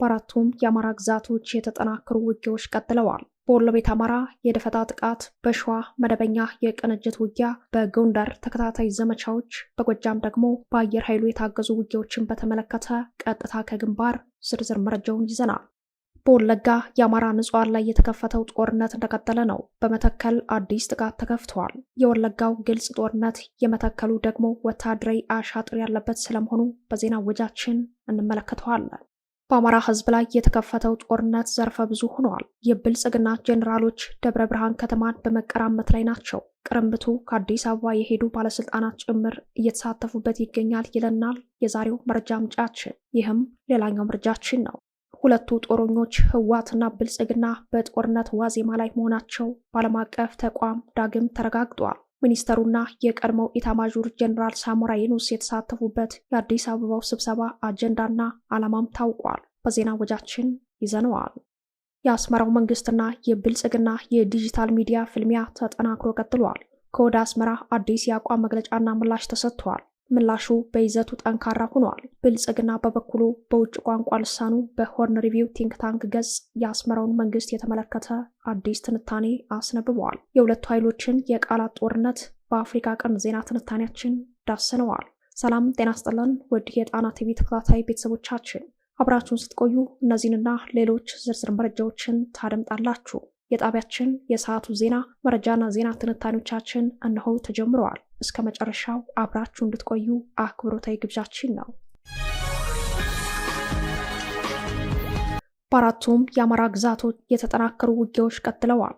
በአራቱም የአማራ ግዛቶች የተጠናከሩ ውጊያዎች ቀጥለዋል። በወሎ ቤት አማራ የደፈጣ ጥቃት፣ በሸዋ መደበኛ የቅንጅት ውጊያ፣ በጎንደር ተከታታይ ዘመቻዎች፣ በጎጃም ደግሞ በአየር ኃይሉ የታገዙ ውጊያዎችን በተመለከተ ቀጥታ ከግንባር ዝርዝር መረጃውን ይዘናል። በወለጋ የአማራ ንጹሐን ላይ የተከፈተው ጦርነት እንደቀጠለ ነው። በመተከል አዲስ ጥቃት ተከፍተዋል። የወለጋው ግልጽ ጦርነት፣ የመተከሉ ደግሞ ወታደራዊ አሻጥር ያለበት ስለመሆኑ በዜና ወጃችን እንመለከተዋለን። በአማራ ሕዝብ ላይ የተከፈተው ጦርነት ዘርፈ ብዙ ሆኗል። የብልጽግና ጄኔራሎች ደብረ ብርሃን ከተማን በመቀራመት ላይ ናቸው። ቅርምቱ ከአዲስ አበባ የሄዱ ባለስልጣናት ጭምር እየተሳተፉበት ይገኛል ይለናል የዛሬው መረጃ ምንጫችን። ይህም ሌላኛው መረጃችን ነው። ሁለቱ ጦረኞች ህወሓትና ብልጽግና በጦርነት ዋዜማ ላይ መሆናቸው በዓለም አቀፍ ተቋም ዳግም ተረጋግጧል። ሚኒስተሩና የቀድሞው ኢታማዦር ጀኔራል ሳሞራ የኑስ የተሳተፉበት የአዲስ አበባው ስብሰባ አጀንዳና ዓላማም ታውቋል። በዜና ወጃችን ይዘነዋል። የአስመራው መንግስትና የብልጽግና የዲጂታል ሚዲያ ፍልሚያ ተጠናክሮ ቀጥሏል። ከወደ አስመራ አዲስ የአቋም መግለጫና ምላሽ ተሰጥቷል። ምላሹ በይዘቱ ጠንካራ ሆኗል። ብልጽግና በበኩሉ በውጭ ቋንቋ ልሳኑ በሆርን ሪቪው ቲንክ ታንክ ገጽ የአስመራውን መንግስት የተመለከተ አዲስ ትንታኔ አስነብበዋል። የሁለቱ ኃይሎችን የቃላት ጦርነት በአፍሪካ ቀን ዜና ትንታኔያችን ዳስነዋል። ሰላም ጤና ስጥልን ውድ የጣና ቲቪ ተከታታይ ቤተሰቦቻችን አብራችሁን ስትቆዩ እነዚህንና ሌሎች ዝርዝር መረጃዎችን ታደምጣላችሁ። የጣቢያችን የሰዓቱ ዜና መረጃና ዜና ትንታኔዎቻችን እነሆ ተጀምረዋል። እስከ መጨረሻው አብራችሁ እንድትቆዩ አክብሮታዊ ግብዣችን ነው። በአራቱም የአማራ ግዛቶች የተጠናከሩ ውጊያዎች ቀጥለዋል።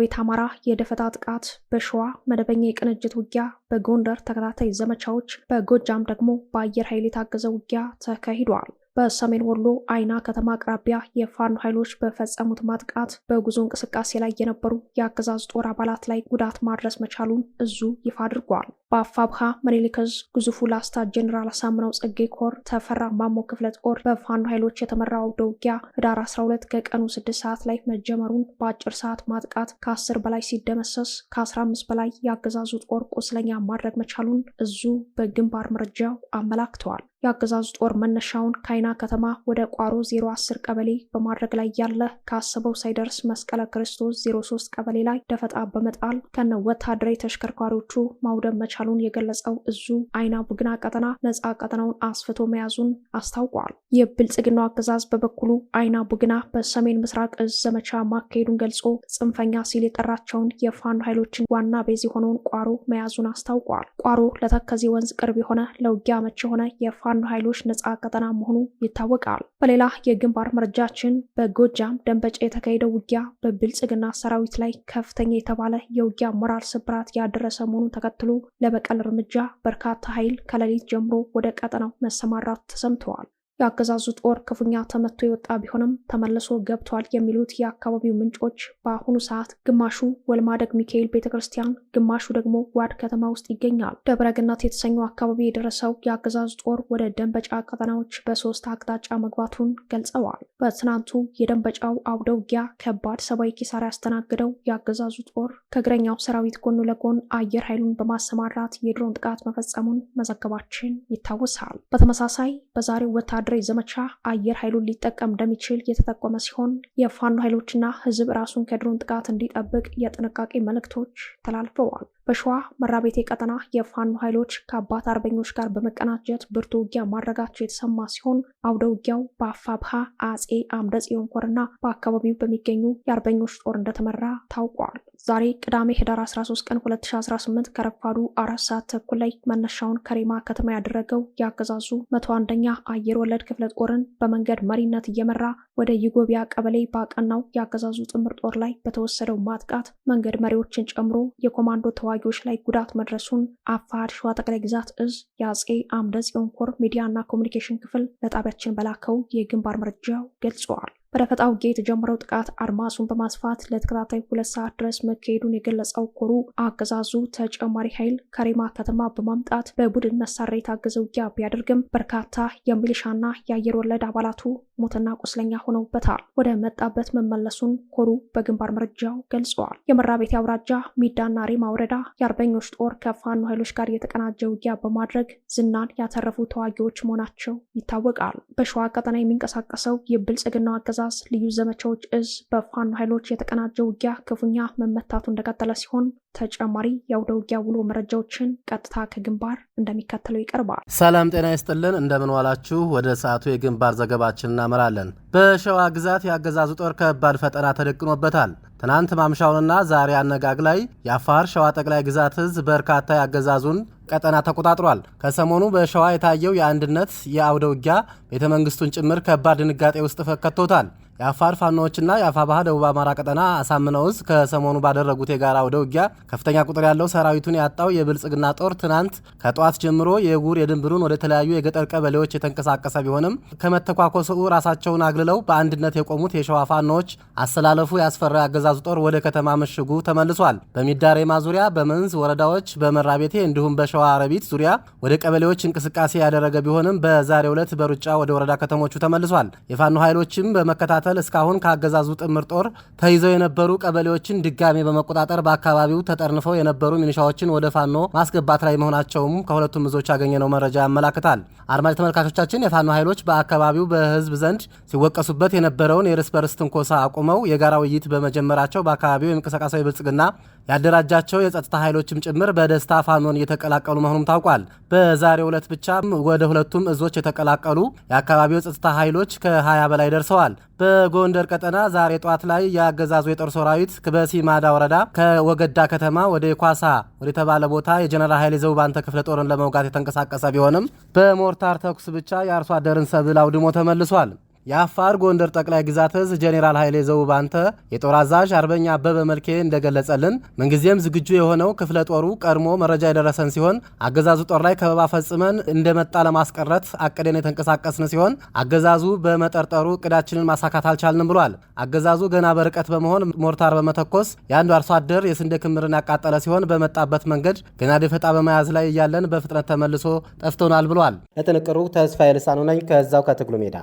ቤት አማራ የደፈጣ ጥቃት፣ በሸዋ መደበኛ የቅንጅት ውጊያ፣ በጎንደር ተከታታይ ዘመቻዎች፣ በጎጃም ደግሞ በአየር ኃይል የታገዘ ውጊያ ተካሂዷል። በሰሜን ወሎ አይና ከተማ አቅራቢያ የፋኖ ኃይሎች በፈጸሙት ማጥቃት በጉዞ እንቅስቃሴ ላይ የነበሩ የአገዛዝ ጦር አባላት ላይ ጉዳት ማድረስ መቻሉን እዙ ይፋ አድርጓል። በአፋብሃ መኔሊከዝ ግዙፉ ላስታ ጀኔራል አሳምነው ጸጌ ኮር ተፈራ ማሞ ክፍለ ጦር በፋኖ ኃይሎች የተመራው ደውጊያ ህዳር 12 ከቀኑ 6 ሰዓት ላይ መጀመሩን በአጭር ሰዓት ማጥቃት ከ10 በላይ ሲደመሰስ ከ15 በላይ የአገዛዙ ጦር ቁስለኛ ማድረግ መቻሉን እዙ በግንባር መረጃው አመላክተዋል። የአገዛዙ ጦር መነሻውን ከአይና ከተማ ወደ ቋሮ 010 ቀበሌ በማድረግ ላይ ያለ ከአሰበው ሳይደርስ መስቀለ ክርስቶስ 03 ቀበሌ ላይ ደፈጣ በመጣል ከነ ወታደራዊ ተሽከርካሪዎቹ ማውደም መቻል መቻሉን የገለጸው እዙ አይና ቡግና ቀጠና ነፃ ቀጠናውን አስፍቶ መያዙን አስታውቋል። የብልጽግናው አገዛዝ በበኩሉ አይና ቡግና በሰሜን ምስራቅ እዝ ዘመቻ ማካሄዱን ገልጾ ጽንፈኛ ሲል የጠራቸውን የፋኖ ኃይሎችን ዋና ቤዝ የሆነውን ቋሮ መያዙን አስታውቋል። ቋሮ ለተከዜ ወንዝ ቅርብ የሆነ ለውጊያ መች የሆነ የፋኖ ኃይሎች ነፃ ቀጠና መሆኑ ይታወቃል። በሌላ የግንባር መረጃችን በጎጃም ደንበጫ የተካሄደው ውጊያ በብልጽግና ሰራዊት ላይ ከፍተኛ የተባለ የውጊያ ሞራል ስብራት ያደረሰ መሆኑን ተከትሎ ለ። የበቀል እርምጃ በርካታ ኃይል ከሌሊት ጀምሮ ወደ ቀጠናው መሰማራት ተሰምተዋል። የአገዛዙ ጦር ክፉኛ ተመቶ የወጣ ቢሆንም ተመልሶ ገብቷል የሚሉት የአካባቢው ምንጮች በአሁኑ ሰዓት ግማሹ ወልማደግ ሚካኤል ቤተ ክርስቲያን፣ ግማሹ ደግሞ ዋድ ከተማ ውስጥ ይገኛል። ደብረግነት የተሰኘው አካባቢ የደረሰው የአገዛዙ ጦር ወደ ደንበጫ ቀጠናዎች በሶስት አቅጣጫ መግባቱን ገልጸዋል። በትናንቱ የደንበጫው አውደ ውጊያ ከባድ ሰብአዊ ኪሳራ ያስተናግደው የአገዛዙ ጦር ከእግረኛው ሰራዊት ጎን ለጎን አየር ኃይሉን በማሰማራት የድሮን ጥቃት መፈጸሙን መዘገባችን ይታወሳል። በተመሳሳይ በዛሬው ወታደ የካድሬ ዘመቻ አየር ኃይሉን ሊጠቀም እንደሚችል የተጠቆመ ሲሆን የፋኖ ኃይሎችና ህዝብ ራሱን ከድሮን ጥቃት እንዲጠብቅ የጥንቃቄ መልእክቶች ተላልፈዋል። በሸዋ መራቤቴ ቀጠና የፋኖ ኃይሎች ከአባት አርበኞች ጋር በመቀናጀት ብርቱ ውጊያ ማድረጋቸው የተሰማ ሲሆን አውደ ውጊያው በአፋብሃ አጼ አምደ ጽዮን ኮርና በአካባቢው በሚገኙ የአርበኞች ጦር እንደተመራ ታውቋል። ዛሬ ቅዳሜ ህዳር 13 ቀን 2018 ከረፋዱ አራት ሰዓት ተኩል ላይ መነሻውን ከሬማ ከተማ ያደረገው የአገዛዙ መቶ አንደኛ አየር ወለድ ክፍለ ጦርን በመንገድ መሪነት እየመራ ወደ ይጎቢያ ቀበሌ ባቀናው የአገዛዙ ጥምር ጦር ላይ በተወሰደው ማጥቃት መንገድ መሪዎችን ጨምሮ የኮማንዶ ተዋ ተዋጊዎች ላይ ጉዳት መድረሱን አፋር ሸዋ ጠቅላይ ግዛት እዝ የአጼ አምደ ጽዮን ኮር ሚዲያና ኮሚኒኬሽን ክፍል ለጣቢያችን በላከው የግንባር መረጃው ገልጸዋል። በደፈጣ ውጊያ የተጀመረው ጥቃት አድማሱን በማስፋት ለተከታታይ ሁለት ሰዓት ድረስ መካሄዱን የገለጸው ኮሩ አገዛዙ ተጨማሪ ኃይል ከሬማ ከተማ በማምጣት በቡድን መሳሪያ የታገዘ ውጊያ ቢያደርግም በርካታ የሚሊሻና የአየር ወለድ አባላቱ ሞትና ቁስለኛ ሆነውበታል። ወደ መጣበት መመለሱን ኮሩ በግንባር መረጃው ገልጸዋል። የመራቤቴ አውራጃ ሚዳና ሬማ ወረዳ የአርበኞች ጦር ከፋኖ ኃይሎች ጋር የተቀናጀ ውጊያ በማድረግ ዝናን ያተረፉ ተዋጊዎች መሆናቸው ይታወቃል። በሸዋ ቀጠና የሚንቀሳቀሰው የብልጽግናው አገዛዝ ልዩ ዘመቻዎች እዝ በፋኖ ኃይሎች የተቀናጀ ውጊያ ክፉኛ መመታቱ እንደቀጠለ ሲሆን ተጨማሪ የአውደ ውጊያ ውሎ መረጃዎችን ቀጥታ ከግንባር እንደሚከተለው ይቀርባል። ሰላም ጤና ይስጥልን፣ እንደምን ዋላችሁ። ወደ ሰዓቱ የግንባር ዘገባችን እናመራለን። በሸዋ ግዛት የአገዛዙ ጦር ከባድ ፈጠና ተደቅኖበታል። ትናንት ማምሻውንና ዛሬ አነጋግ ላይ የአፋር ሸዋ ጠቅላይ ግዛት ህዝብ በርካታ ያገዛዙን ቀጠና ተቆጣጥሯል። ከሰሞኑ በሸዋ የታየው የአንድነት የአውደ ውጊያ ቤተመንግስቱን ጭምር ከባድ ድንጋጤ ውስጥ ከቶታል። የአፋር ፋኖዎችና ባህ ደቡብ አማራ ቀጠና አሳምነው ከሰሞኑ ባደረጉት የጋራ ወደ ውጊያ ከፍተኛ ቁጥር ያለው ሰራዊቱን ያጣው የብልጽግና ጦር ትናንት ከጠዋት ጀምሮ የጉር የድንብሩን ወደ ተለያዩ የገጠር ቀበሌዎች የተንቀሳቀሰ ቢሆንም ከመተኳኮሱ ራሳቸውን አግልለው በአንድነት የቆሙት የሸዋ ፋኖዎች አሰላለፉ ያስፈራ አገዛዙ ጦር ወደ ከተማ ምሽጉ ተመልሷል። በሚዳሬማ ዙሪያ በመንዝ ወረዳዎች በመራቤቴ እንዲሁም በሸዋ አረቢት ዙሪያ ወደ ቀበሌዎች እንቅስቃሴ ያደረገ ቢሆንም በዛሬው ዕለት በሩጫ ወደ ወረዳ ከተሞቹ ተመልሷል። የፋኖ ኃይሎችም በመከታተል በመቀጠል እስካሁን ከአገዛዙ ጥምር ጦር ተይዘው የነበሩ ቀበሌዎችን ድጋሜ በመቆጣጠር በአካባቢው ተጠርንፈው የነበሩ ሚኒሻዎችን ወደ ፋኖ ማስገባት ላይ መሆናቸውም ከሁለቱም እዞች ያገኘነው መረጃ ያመላክታል። አድማጭ ተመልካቾቻችን የፋኖ ኃይሎች በአካባቢው በህዝብ ዘንድ ሲወቀሱበት የነበረውን የእርስ በርስ ትንኮሳ አቁመው የጋራ ውይይት በመጀመራቸው በአካባቢው የእንቅስቃሴ ብልጽግና ያደራጃቸው የጸጥታ ኃይሎችም ጭምር በደስታ ፋኖን እየተቀላቀሉ መሆኑም ታውቋል። በዛሬው ዕለት ብቻ ወደ ሁለቱም እዞች የተቀላቀሉ የአካባቢው የጸጥታ ኃይሎች ከ20 በላይ ደርሰዋል። በጎንደር ቀጠና ዛሬ ጠዋት ላይ የአገዛዙ የጦር ሰራዊት በሲማዳ ወረዳ ከወገዳ ከተማ ወደ ኳሳ ወደተባለ ቦታ የጀነራል ኃይሌ ዘውባንተ ክፍለ ጦርን ለመውጋት የተንቀሳቀሰ ቢሆንም በሞርታር ተኩስ ብቻ የአርሶ አደርን ሰብል አውድሞ ተመልሷል። የአፋር ጎንደር ጠቅላይ ግዛት እዝ ጄኔራል ኃይሌ አንተ የጦር አዛዥ አርበኛ አበበ መልኬ እንደገለጸልን ምንጊዜም ዝግጁ የሆነው ክፍለ ጦሩ ቀድሞ መረጃ የደረሰን ሲሆን አገዛዙ ጦር ላይ ከበባ ፈጽመን እንደመጣ ለማስቀረት አቅደን የተንቀሳቀስን ሲሆን አገዛዙ በመጠርጠሩ እቅዳችንን ማሳካት አልቻልንም ብሏል። አገዛዙ ገና በርቀት በመሆን ሞርታር በመተኮስ የአንዱ አርሶ አደር የስንዴ ክምርን ያቃጠለ ሲሆን በመጣበት መንገድ ገና ደፈጣ በመያዝ ላይ እያለን በፍጥነት ተመልሶ ጠፍቶናል ብሏል። ለጥንቅሩ ተስፋዬ ልሳኑ ነኝ ከዛው ከትግሉ ሜዳ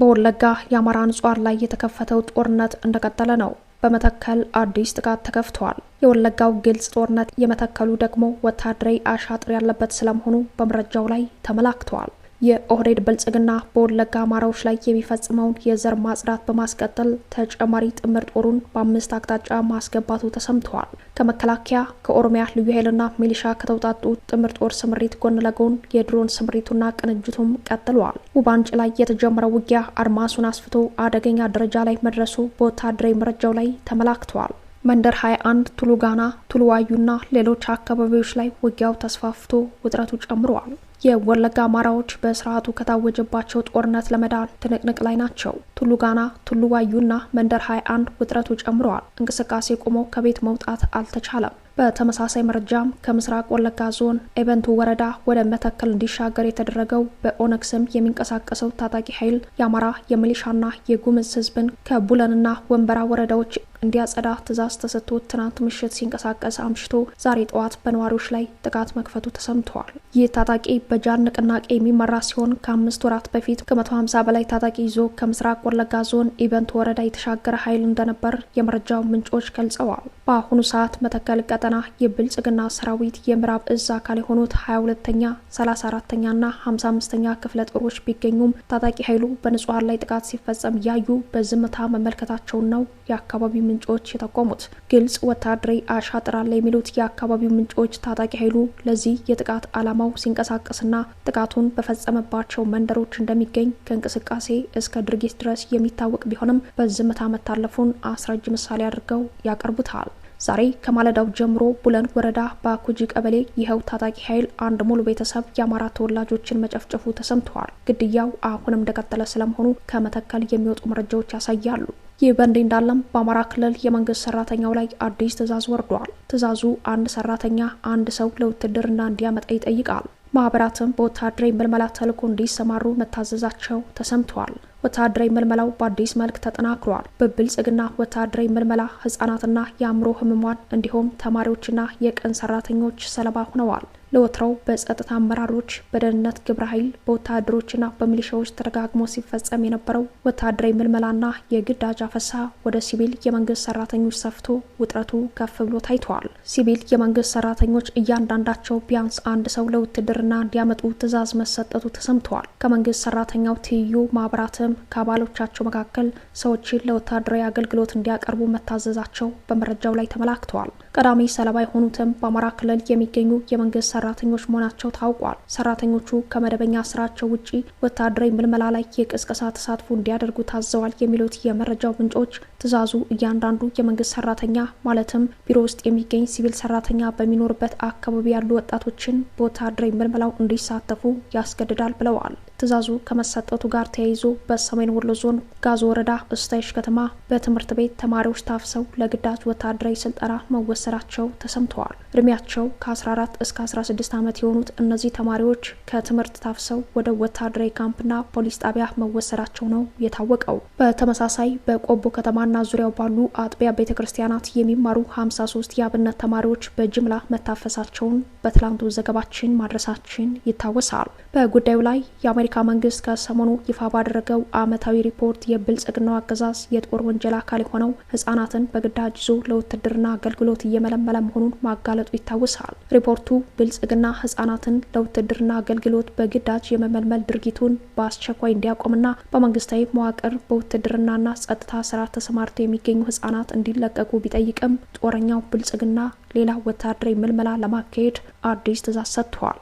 በወለጋ የአማራ አንጿር ላይ የተከፈተው ጦርነት እንደቀጠለ ነው። በመተከል አዲስ ጥቃት ተከፍቷል። የወለጋው ግልጽ ጦርነት የመተከሉ ደግሞ ወታደራዊ አሻጥር ያለበት ስለመሆኑ በመረጃው ላይ ተመላክተዋል። የኦህዴድ ብልጽግና በወለጋ አማራዎች ላይ የሚፈጽመውን የዘር ማጽዳት በማስቀጠል ተጨማሪ ጥምር ጦሩን በአምስት አቅጣጫ ማስገባቱ ተሰምተዋል። ከመከላከያ ከኦሮሚያ ልዩ ኃይልና ሚሊሻ ከተውጣጡ ጥምር ጦር ስምሪት ጎን ለጎን የድሮን ስምሪቱና ቅንጅቱም ቀጥለዋል። ውባንጭ ላይ የተጀመረው ውጊያ አድማሱን አስፍቶ አደገኛ ደረጃ ላይ መድረሱ በወታደራዊ መረጃው ላይ ተመላክተዋል። መንደር 21 ቱሉ ጋና ቱሉ ዋዩና ሌሎች አካባቢዎች ላይ ውጊያው ተስፋፍቶ ውጥረቱ ጨምረዋል። የወለጋ አማራዎች በስርዓቱ ከታወጀባቸው ጦርነት ለመዳን ትንቅንቅ ላይ ናቸው። ቱሉ ጋና፣ ቱሉ ዋዩና መንደር 21 ውጥረቱ ጨምረዋል። እንቅስቃሴ ቆሞ ከቤት መውጣት አልተቻለም። በተመሳሳይ መረጃም ከምስራቅ ወለጋ ዞን ኤቨንቱ ወረዳ ወደ መተከል እንዲሻገር የተደረገው በኦነግ ስም የሚንቀሳቀሰው ታጣቂ ኃይል የአማራ የሚሊሻና የጉምዝ ሕዝብን ከቡለንና ወንበራ ወረዳዎች እንዲያጸዳ ትዕዛዝ ተሰጥቶ ትናንት ምሽት ሲንቀሳቀስ አምሽቶ ዛሬ ጠዋት በነዋሪዎች ላይ ጥቃት መክፈቱ ተሰምተዋል። ይህ ታጣቂ በጃን ንቅናቄ የሚመራ ሲሆን ከአምስት ወራት በፊት ከ150 በላይ ታጣቂ ይዞ ከምስራቅ ወለጋ ዞን ኢቨንት ወረዳ የተሻገረ ኃይል እንደነበር የመረጃው ምንጮች ገልጸዋል። በአሁኑ ሰዓት መተከል ቀጠና የብልጽግና ሰራዊት የምዕራብ እዝ አካል የሆኑት 22ኛ፣ 34ኛ ና 55ኛ ክፍለ ጦሮች ቢገኙም ታጣቂ ኃይሉ በንጹሐን ላይ ጥቃት ሲፈጸም ያዩ በዝምታ መመልከታቸውን ነው የአካባቢው ምንጮች የጠቆሙት። ግልጽ ወታደራዊ አሻጥር አለ የሚሉት የአካባቢው ምንጮች ታጣቂ ኃይሉ ለዚህ የጥቃት ዓላማው ሲንቀሳቀስና ጥቃቱን በፈጸመባቸው መንደሮች እንደሚገኝ ከእንቅስቃሴ እስከ ድርጊት ድረስ የሚታወቅ ቢሆንም በዝምታ መታለፉን አስረጅ ምሳሌ አድርገው ያቀርቡታል። ዛሬ ከማለዳው ጀምሮ ቡለን ወረዳ በኩጂ ቀበሌ ይኸው ታጣቂ ኃይል አንድ ሙሉ ቤተሰብ የአማራ ተወላጆችን መጨፍጨፉ ተሰምተዋል። ግድያው አሁንም እንደቀጠለ ስለመሆኑ ከመተከል የሚወጡ መረጃዎች ያሳያሉ። ይህ በእንዲህ እንዳለም በአማራ ክልል የመንግስት ሰራተኛው ላይ አዲስ ትዕዛዝ ወርዷል። ትዕዛዙ አንድ ሰራተኛ አንድ ሰው ለውትድርና እንዲያመጣ ይጠይቃል። ማህበራትም በወታደራዊ ምልመላ ተልዕኮ እንዲሰማሩ መታዘዛቸው ተሰምተዋል። ወታደራዊ ምልመላው በአዲስ መልክ ተጠናክሯል። በብልጽግና ወታደራዊ ምልመላ ህጻናትና የአእምሮ ህሙማን እንዲሁም ተማሪዎችና የቀን ሰራተኞች ሰለባ ሆነዋል። ለወትሮው በጸጥታ አመራሮች፣ በደህንነት ግብረ ኃይል፣ በወታደሮችና በሚሊሻዎች ተደጋግሞ ሲፈጸም የነበረው ወታደራዊ ምልመላና የግዳጅ አፈሳ ወደ ሲቪል የመንግስት ሰራተኞች ሰፍቶ ውጥረቱ ከፍ ብሎ ታይተዋል። ሲቪል የመንግስት ሰራተኞች እያንዳንዳቸው ቢያንስ አንድ ሰው ለውትድርና እንዲያመጡ ትዕዛዝ መሰጠቱ ተሰምተዋል። ከመንግስት ሰራተኛው ትይዩ ማህበራትም ከአባሎቻቸው መካከል ሰዎችን ለወታደራዊ አገልግሎት እንዲያቀርቡ መታዘዛቸው በመረጃው ላይ ተመላክተዋል። ቀዳሚ ሰለባ የሆኑትም በአማራ ክልል የሚገኙ የመንግስት ሰራተኞች መሆናቸው ታውቋል። ሰራተኞቹ ከመደበኛ ስራቸው ውጪ ወታደራዊ ምልመላ ላይ የቅስቀሳ ተሳትፎ እንዲያደርጉ ታዘዋል የሚሉት የመረጃው ምንጮች ትዕዛዙ እያንዳንዱ የመንግስት ሰራተኛ ማለትም ቢሮ ውስጥ የሚገኝ ሲቪል ሰራተኛ በሚኖርበት አካባቢ ያሉ ወጣቶችን በወታደራዊ ምልመላው እንዲሳተፉ ያስገድዳል ብለዋል። ትዕዛዙ ከመሰጠቱ ጋር ተያይዞ በሰሜን ወሎ ዞን ጋዞ ወረዳ እስታይሽ ከተማ በትምህርት ቤት ተማሪዎች ታፍሰው ለግዳጅ ወታደራዊ ስልጠና መወሰዳቸው ተሰምተዋል። እድሜያቸው ከ14 እስከ 16 ዓመት የሆኑት እነዚህ ተማሪዎች ከትምህርት ታፍሰው ወደ ወታደራዊ ካምፕና ፖሊስ ጣቢያ መወሰዳቸው ነው የታወቀው። በተመሳሳይ በቆቦ ከተማና ዙሪያው ባሉ አጥቢያ ቤተ ክርስቲያናት የሚማሩ 53 የአብነት ተማሪዎች በጅምላ መታፈሳቸውን በትላንቱ ዘገባችን ማድረሳችን ይታወሳል። በጉዳዩ ላይ የአሜሪካ መንግስት ከሰሞኑ ይፋ ባደረገው ዓመታዊ ሪፖርት የብልጽግናው አገዛዝ የጦር ወንጀል አካል የሆነው ህጻናትን በግዳጅ ይዞ ለውትድርና አገልግሎት እየመለመለ መሆኑን ማጋለጡ ይታወሳል። ሪፖርቱ ብልጽግና ህጻናትን ለውትድርና አገልግሎት በግዳጅ የመመልመል ድርጊቱን በአስቸኳይ እንዲያቆምና በመንግስታዊ መዋቅር በውትድርናና ጸጥታ ስራ ተሰማርተው የሚገኙ ህጻናት እንዲለቀቁ ቢጠይቅም ጦረኛው ብልጽግና ሌላ ወታደራዊ ምልመላ ለማካሄድ አዲስ ትእዛዝ ሰጥቷል።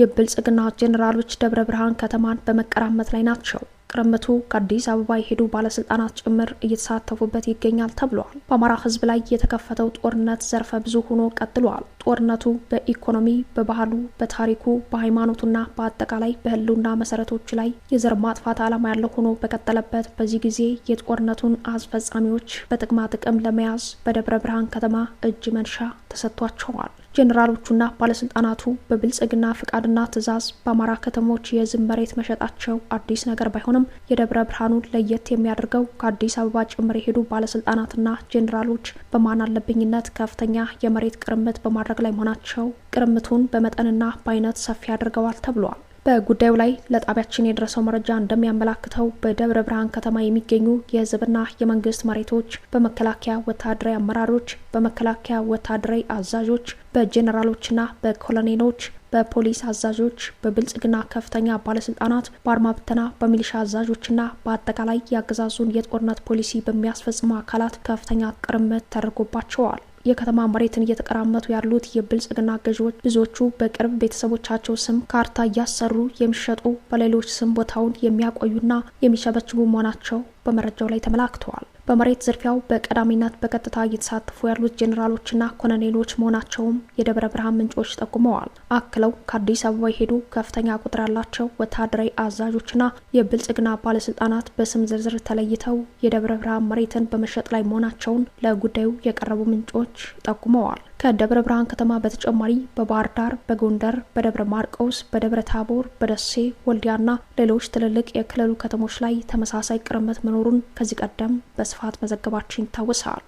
የብልጽግና ጄኔራሎች ደብረ ብርሃን ከተማን በመቀራመት ላይ ናቸው። ቅርምቱ ከአዲስ አበባ የሄዱ ባለስልጣናት ጭምር እየተሳተፉበት ይገኛል ተብሏል። በአማራ ሕዝብ ላይ የተከፈተው ጦርነት ዘርፈ ብዙ ሆኖ ቀጥሏል። ጦርነቱ በኢኮኖሚ፣ በባህሉ፣ በታሪኩ፣ በሃይማኖቱና በአጠቃላይ በህልውና መሰረቶች ላይ የዘር ማጥፋት ዓላማ ያለው ሆኖ በቀጠለበት በዚህ ጊዜ የጦርነቱን አስፈጻሚዎች በጥቅማ ጥቅም ለመያዝ በደብረ ብርሃን ከተማ እጅ መንሻ ተሰጥቷቸዋል። ጄኔራሎቹና ባለስልጣናቱ በብልጽግና ፍቃድና ትዕዛዝ በአማራ ከተሞች የሕዝብ መሬት መሸጣቸው አዲስ ነገር ባይሆንም የደብረ ብርሃኑን ለየት የሚያደርገው ከአዲስ አበባ ጭምር የሄዱ ባለስልጣናትና ጀነራሎች በማን አለብኝነት ከፍተኛ የመሬት ቅርምት በማድረግ ላይ መሆናቸው ቅርምቱን በመጠንና በአይነት ሰፊ አድርገዋል ተብሏል። በጉዳዩ ላይ ለጣቢያችን የደረሰው መረጃ እንደሚያመላክተው በደብረ ብርሃን ከተማ የሚገኙ የህዝብና የመንግስት መሬቶች በመከላከያ ወታደራዊ አመራሮች፣ በመከላከያ ወታደራዊ አዛዦች፣ በጄኔራሎችና በኮሎኔሎች በፖሊስ አዛዦች፣ በብልጽግና ከፍተኛ ባለስልጣናት፣ በአድማ ብተና፣ በሚሊሻ አዛዦችና በአጠቃላይ የአገዛዙን የጦርነት ፖሊሲ በሚያስፈጽሙ አካላት ከፍተኛ ቅርምት ተደርጎባቸዋል። የከተማ መሬትን እየተቀራመቱ ያሉት የብልጽግና ገዢዎች ብዙዎቹ በቅርብ ቤተሰቦቻቸው ስም ካርታ እያሰሩ የሚሸጡ በሌሎች ስም ቦታውን የሚያቆዩና የሚሸበችቡ መሆናቸው በመረጃው ላይ ተመላክተዋል። በመሬት ዝርፊያው በቀዳሚነት በቀጥታ እየተሳተፉ ያሉት ጄኔራሎችና ኮሎኔሎች መሆናቸውም የደብረ ብርሃን ምንጮች ጠቁመዋል። አክለው ከአዲስ አበባ የሄዱ ከፍተኛ ቁጥር ያላቸው ወታደራዊ አዛዦችና የብልጽግና ባለስልጣናት በስም ዝርዝር ተለይተው የደብረ ብርሃን መሬትን በመሸጥ ላይ መሆናቸውን ለጉዳዩ የቀረቡ ምንጮች ጠቁመዋል። ከደብረ ብርሃን ከተማ በተጨማሪ በባህር ዳር፣ በጎንደር፣ በደብረ ማርቆስ፣ በደብረ ታቦር፣ በደሴ፣ ወልዲያና ሌሎች ትልልቅ የክልሉ ከተሞች ላይ ተመሳሳይ ቅርመት መኖሩን ከዚህ ቀደም በስፋት መዘገባችን ይታወሳል።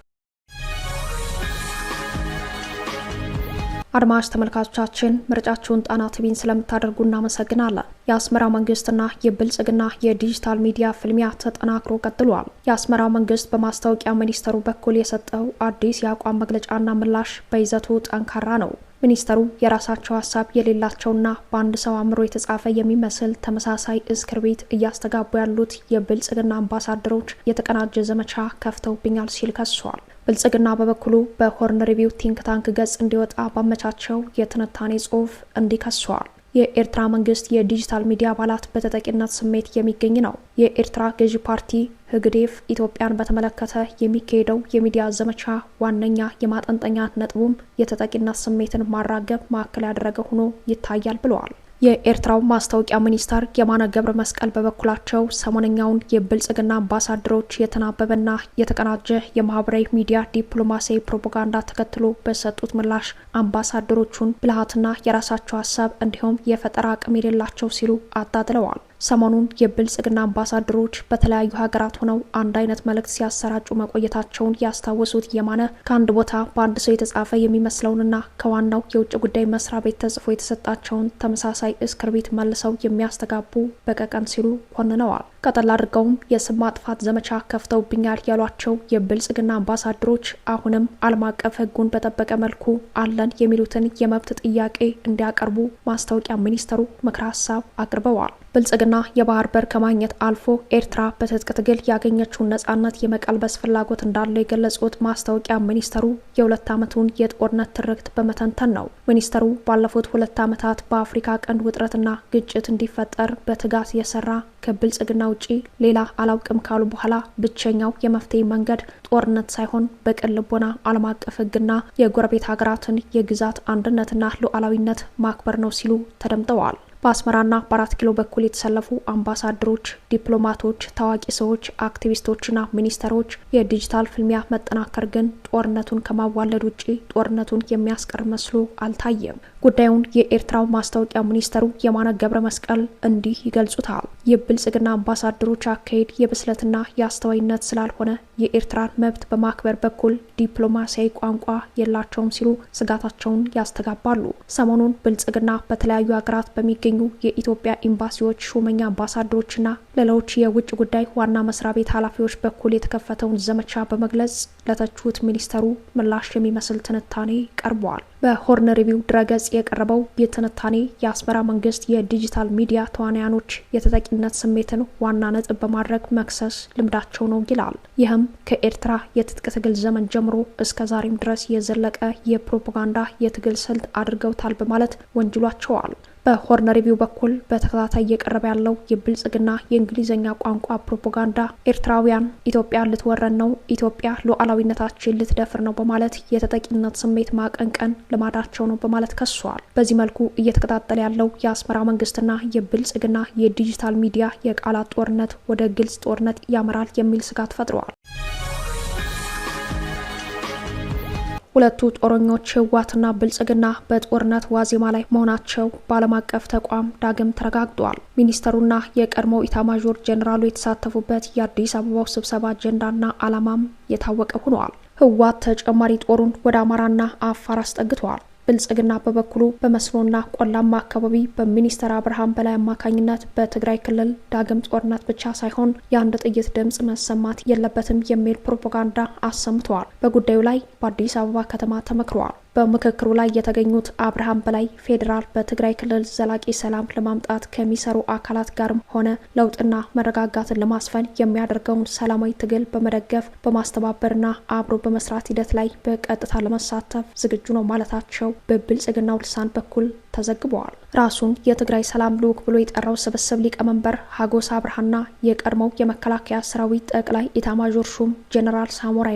አድማጭ ተመልካቾቻችን ምርጫችሁን ጣና ቲቪን ስለምታደርጉ እናመሰግናለን። የአስመራ መንግስትና የብልጽግና የዲጂታል ሚዲያ ፍልሚያ ተጠናክሮ ቀጥሏል። የአስመራ መንግስት በማስታወቂያ ሚኒስተሩ በኩል የሰጠው አዲስ የአቋም መግለጫና ምላሽ በይዘቱ ጠንካራ ነው። ሚኒስተሩ የራሳቸው ሀሳብ የሌላቸውና በአንድ ሰው አእምሮ የተጻፈ የሚመስል ተመሳሳይ እስክር ቤት እያስተጋቡ ያሉት የብልጽግና አምባሳደሮች የተቀናጀ ዘመቻ ከፍተውብኛል ሲል ከሷል። ብልጽግና በበኩሉ በሆርን ሪቪው ቲንክ ታንክ ገጽ እንዲወጣ ባመቻቸው የትንታኔ ጽሑፍ እንዲህ የኤርትራ መንግስት የዲጂታል ሚዲያ አባላት በተጠቂነት ስሜት የሚገኝ ነው። የኤርትራ ገዢ ፓርቲ ህግዴፍ ኢትዮጵያን በተመለከተ የሚካሄደው የሚዲያ ዘመቻ ዋነኛ የማጠንጠኛ ነጥቡም የተጠቂነት ስሜትን ማራገብ ማዕከል ያደረገ ሆኖ ይታያል ብለዋል። የኤርትራው ማስታወቂያ ሚኒስተር የማነ ገብረ መስቀል በበኩላቸው ሰሞነኛውን የብልጽግና አምባሳደሮች የተናበበና የተቀናጀ የማህበራዊ ሚዲያ ዲፕሎማሲያዊ ፕሮፓጋንዳ ተከትሎ በሰጡት ምላሽ አምባሳደሮቹን ብልሃትና የራሳቸው ሀሳብ እንዲሁም የፈጠራ አቅም የሌላቸው ሲሉ አጣጥለዋል። ሰሞኑን የብልጽግና አምባሳደሮች በተለያዩ ሀገራት ሆነው አንድ አይነት መልእክት ሲያሰራጩ መቆየታቸውን ያስታወሱት የማነ ከአንድ ቦታ በአንድ ሰው የተጻፈ የሚመስለውንና ከዋናው የውጭ ጉዳይ መስሪያ ቤት ተጽፎ የተሰጣቸውን ተመሳሳይ እስክርቢት መልሰው የሚያስተጋቡ በቀቀን ሲሉ ኮንነዋል። ቀጠል አድርገውም የስም ማጥፋት ዘመቻ ከፍተውብኛል ያሏቸው የብልጽግና አምባሳደሮች አሁንም ዓለም አቀፍ ሕጉን በጠበቀ መልኩ አለን የሚሉትን የመብት ጥያቄ እንዲያቀርቡ ማስታወቂያ ሚኒስተሩ ምክረ ሀሳብ አቅርበዋል። ብልጽግና የባህር በር ከማግኘት አልፎ ኤርትራ በትጥቅ ትግል ያገኘችውን ነጻነት የመቀልበስ ፍላጎት እንዳለው የገለጹት ማስታወቂያ ሚኒስተሩ የሁለት ዓመቱን የጦርነት ትርክት በመተንተን ነው። ሚኒስተሩ ባለፉት ሁለት ዓመታት በአፍሪካ ቀንድ ውጥረትና ግጭት እንዲፈጠር በትጋት የሰራ ከብልጽግና ውጪ ሌላ አላውቅም ካሉ በኋላ ብቸኛው የመፍትሄ መንገድ ጦርነት ሳይሆን በቅን ልቦና ዓለም አቀፍ ሕግና የጎረቤት ሀገራትን የግዛት አንድነትና ሉዓላዊነት ማክበር ነው ሲሉ ተደምጠዋል። በአስመራና በአራት ኪሎ በኩል የተሰለፉ አምባሳደሮች፣ ዲፕሎማቶች፣ ታዋቂ ሰዎች፣ አክቲቪስቶችና ሚኒስተሮች የዲጂታል ፍልሚያ መጠናከር ግን ጦርነቱን ከማዋለድ ውጪ ጦርነቱን የሚያስቀር መስሎ አልታየም። ጉዳዩን የኤርትራው ማስታወቂያ ሚኒስተሩ የማነ ገብረ መስቀል እንዲህ ይገልጹታል። የብልጽግና አምባሳደሮች አካሄድ የብስለትና የአስተዋይነት ስላልሆነ የኤርትራን መብት በማክበር በኩል ዲፕሎማሲያዊ ቋንቋ የላቸውም ሲሉ ስጋታቸውን ያስተጋባሉ። ሰሞኑን ብልጽግና በተለያዩ ሀገራት በሚገኙ የኢትዮጵያ ኤምባሲዎች ሹመኛ አምባሳደሮችና ሌሎች የውጭ ጉዳይ ዋና መስሪያ ቤት ኃላፊዎች በኩል የተከፈተውን ዘመቻ በመግለጽ ለተቹት ሚኒስተሩ ምላሽ የሚመስል ትንታኔ ቀርበዋል። በሆርን ሪቪው ድረገጽ የቀረበው የትንታኔ የአስመራ መንግስት የዲጂታል ሚዲያ ተዋናያኖች የተጠቂነት ስሜትን ዋና ነጥብ በማድረግ መክሰስ ልምዳቸው ነው ይላል። ይህም ከኤርትራ የትጥቅ ትግል ዘመን ጀምሮ እስከ ዛሬም ድረስ የዘለቀ የፕሮፓጋንዳ የትግል ስልት አድርገውታል በማለት ወንጅሏቸዋል። በሆርን ሪቪው በኩል በተከታታይ እየቀረበ ያለው የብልጽግና የእንግሊዝኛ ቋንቋ ፕሮፓጋንዳ ኤርትራውያን ኢትዮጵያ ልትወረን ነው፣ ኢትዮጵያ ሉዓላዊነታችን ልትደፍር ነው በማለት የተጠቂነት ስሜት ማቀንቀን ልማዳቸው ነው በማለት ከሷል። በዚህ መልኩ እየተቀጣጠለ ያለው የአስመራ መንግስትና የብልጽግና የዲጂታል ሚዲያ የቃላት ጦርነት ወደ ግልጽ ጦርነት ያመራል የሚል ስጋት ፈጥረዋል። ሁለቱ ጦረኞች ህወሓትና ብልጽግና በጦርነት ዋዜማ ላይ መሆናቸው በዓለም አቀፍ ተቋም ዳግም ተረጋግጧል። ሚኒስተሩና የቀድሞው ኢታማዦር ጄኔራሉ የተሳተፉበት የአዲስ አበባው ስብሰባ አጀንዳና ዓላማም የታወቀ ሆነዋል። ህወሓት ተጨማሪ ጦሩን ወደ አማራና አፋር አስጠግተዋል። ብልጽግና በበኩሉ በመስኖና ቆላማ አካባቢ በሚኒስትር አብርሃም በላይ አማካኝነት በትግራይ ክልል ዳግም ጦርነት ብቻ ሳይሆን የአንድ ጥይት ድምፅ መሰማት የለበትም የሚል ፕሮፓጋንዳ አሰምተዋል። በጉዳዩ ላይ በአዲስ አበባ ከተማ ተመክረዋል። በምክክሩ ላይ የተገኙት አብርሃም በላይ ፌዴራል በትግራይ ክልል ዘላቂ ሰላም ለማምጣት ከሚሰሩ አካላት ጋርም ሆነ ለውጥና መረጋጋትን ለማስፈን የሚያደርገውን ሰላማዊ ትግል በመደገፍ በማስተባበርና አብሮ በመስራት ሂደት ላይ በቀጥታ ለመሳተፍ ዝግጁ ነው ማለታቸው በብልጽግናው ልሳን በኩል ተዘግበዋል። ራሱን የትግራይ ሰላም ልዑክ ብሎ የጠራው ስብስብ ሊቀመንበር ሀጎስ አብርሃና የቀድሞው የመከላከያ ሰራዊት ጠቅላይ ኢታማዦር ሹም ጄኔራል ሳሞራ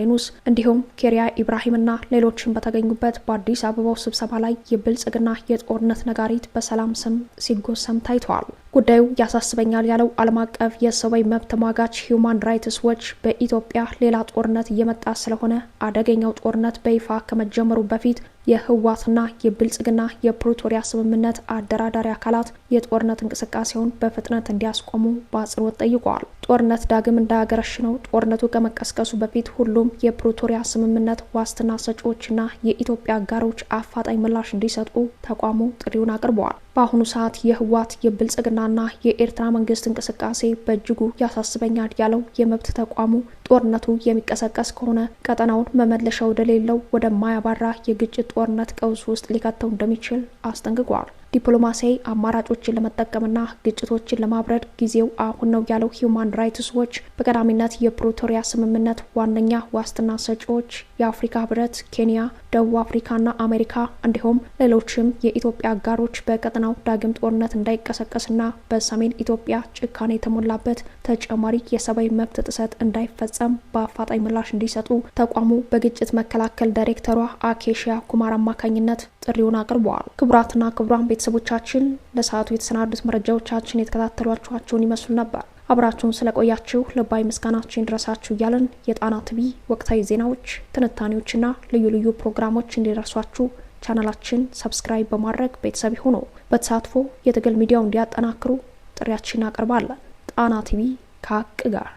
እንዲሁም ኬሪያ ኢብራሂምና ሌሎችን በተገኙበት በአዲስ አበባው ስብሰባ ላይ የብልጽግና የጦርነት ነጋሪት በሰላም ስም ሲጎሰም ታይተዋል። ጉዳዩ ያሳስበኛል ያለው ዓለም አቀፍ የሰብአዊ መብት ተሟጋች ሂዩማን ራይትስ ዎች በኢትዮጵያ ሌላ ጦርነት እየመጣ ስለሆነ አደገኛው ጦርነት በይፋ ከመጀመሩ በፊት የህዋትና የብልጽግና የፕሪቶሪያ ስምምነት አደራዳሪ አካላት የጦርነት እንቅስቃሴውን በፍጥነት እንዲያስቆሙ በአጽንኦት ጠይቀዋል። ጦርነት ዳግም እንዳያገረሽ ነው። ጦርነቱ ከመቀስቀሱ በፊት ሁሉም የፕሪቶሪያ ስምምነት ዋስትና ሰጪዎችና የኢትዮጵያ አጋሮች አፋጣኝ ምላሽ እንዲሰጡ ተቋሙ ጥሪውን አቅርበዋል። በአሁኑ ሰዓት የህወሓት የብልጽግናና የኤርትራ መንግስት እንቅስቃሴ በእጅጉ ያሳስበኛል ያለው የመብት ተቋሙ ጦርነቱ የሚቀሰቀስ ከሆነ ቀጠናውን መመለሻ ወደሌለው ወደማያባራ የግጭት ጦርነት ቀውስ ውስጥ ሊከተው እንደሚችል አስጠንቅቋል። ዲፕሎማሲያዊ አማራጮችን ለመጠቀምና ግጭቶችን ለማብረድ ጊዜው አሁን ነው ያለው ሂዩማን ራይትስ ዎች በቀዳሚነት የፕሪቶሪያ ስምምነት ዋነኛ ዋስትና ሰጪዎች የአፍሪካ ህብረት፣ ኬንያ፣ ደቡብ አፍሪካና አሜሪካ እንዲሁም ሌሎችም የኢትዮጵያ አጋሮች በቀጠናው ዳግም ጦርነት እንዳይቀሰቀስና በሰሜን ኢትዮጵያ ጭካኔ የተሞላበት ተጨማሪ የሰብአዊ መብት ጥሰት እንዳይፈጸም በአፋጣኝ ምላሽ እንዲሰጡ ተቋሙ በግጭት መከላከል ዳይሬክተሯ አኬሽያ ኩማር አማካኝነት ጥሪውን አቅርበዋል። ክቡራትና ክቡራን ቤተሰቦቻችን ለሰዓቱ የተሰናዱት መረጃዎቻችን የተከታተሏችኋቸውን ይመስሉ ነበር። አብራችሁን ስለቆያችሁ ልባዊ ምስጋናችን ድረሳችሁ እያለን የጣና ቲቪ ወቅታዊ ዜናዎች፣ ትንታኔዎችና ልዩ ልዩ ፕሮግራሞች እንዲደርሷችሁ ቻናላችን ሰብስክራይብ በማድረግ ቤተሰብ ሆኖ በተሳትፎ የትግል ሚዲያው እንዲያጠናክሩ ጥሪያችን እናቀርባለን። ጣና ቲቪ ከሀቅ ጋር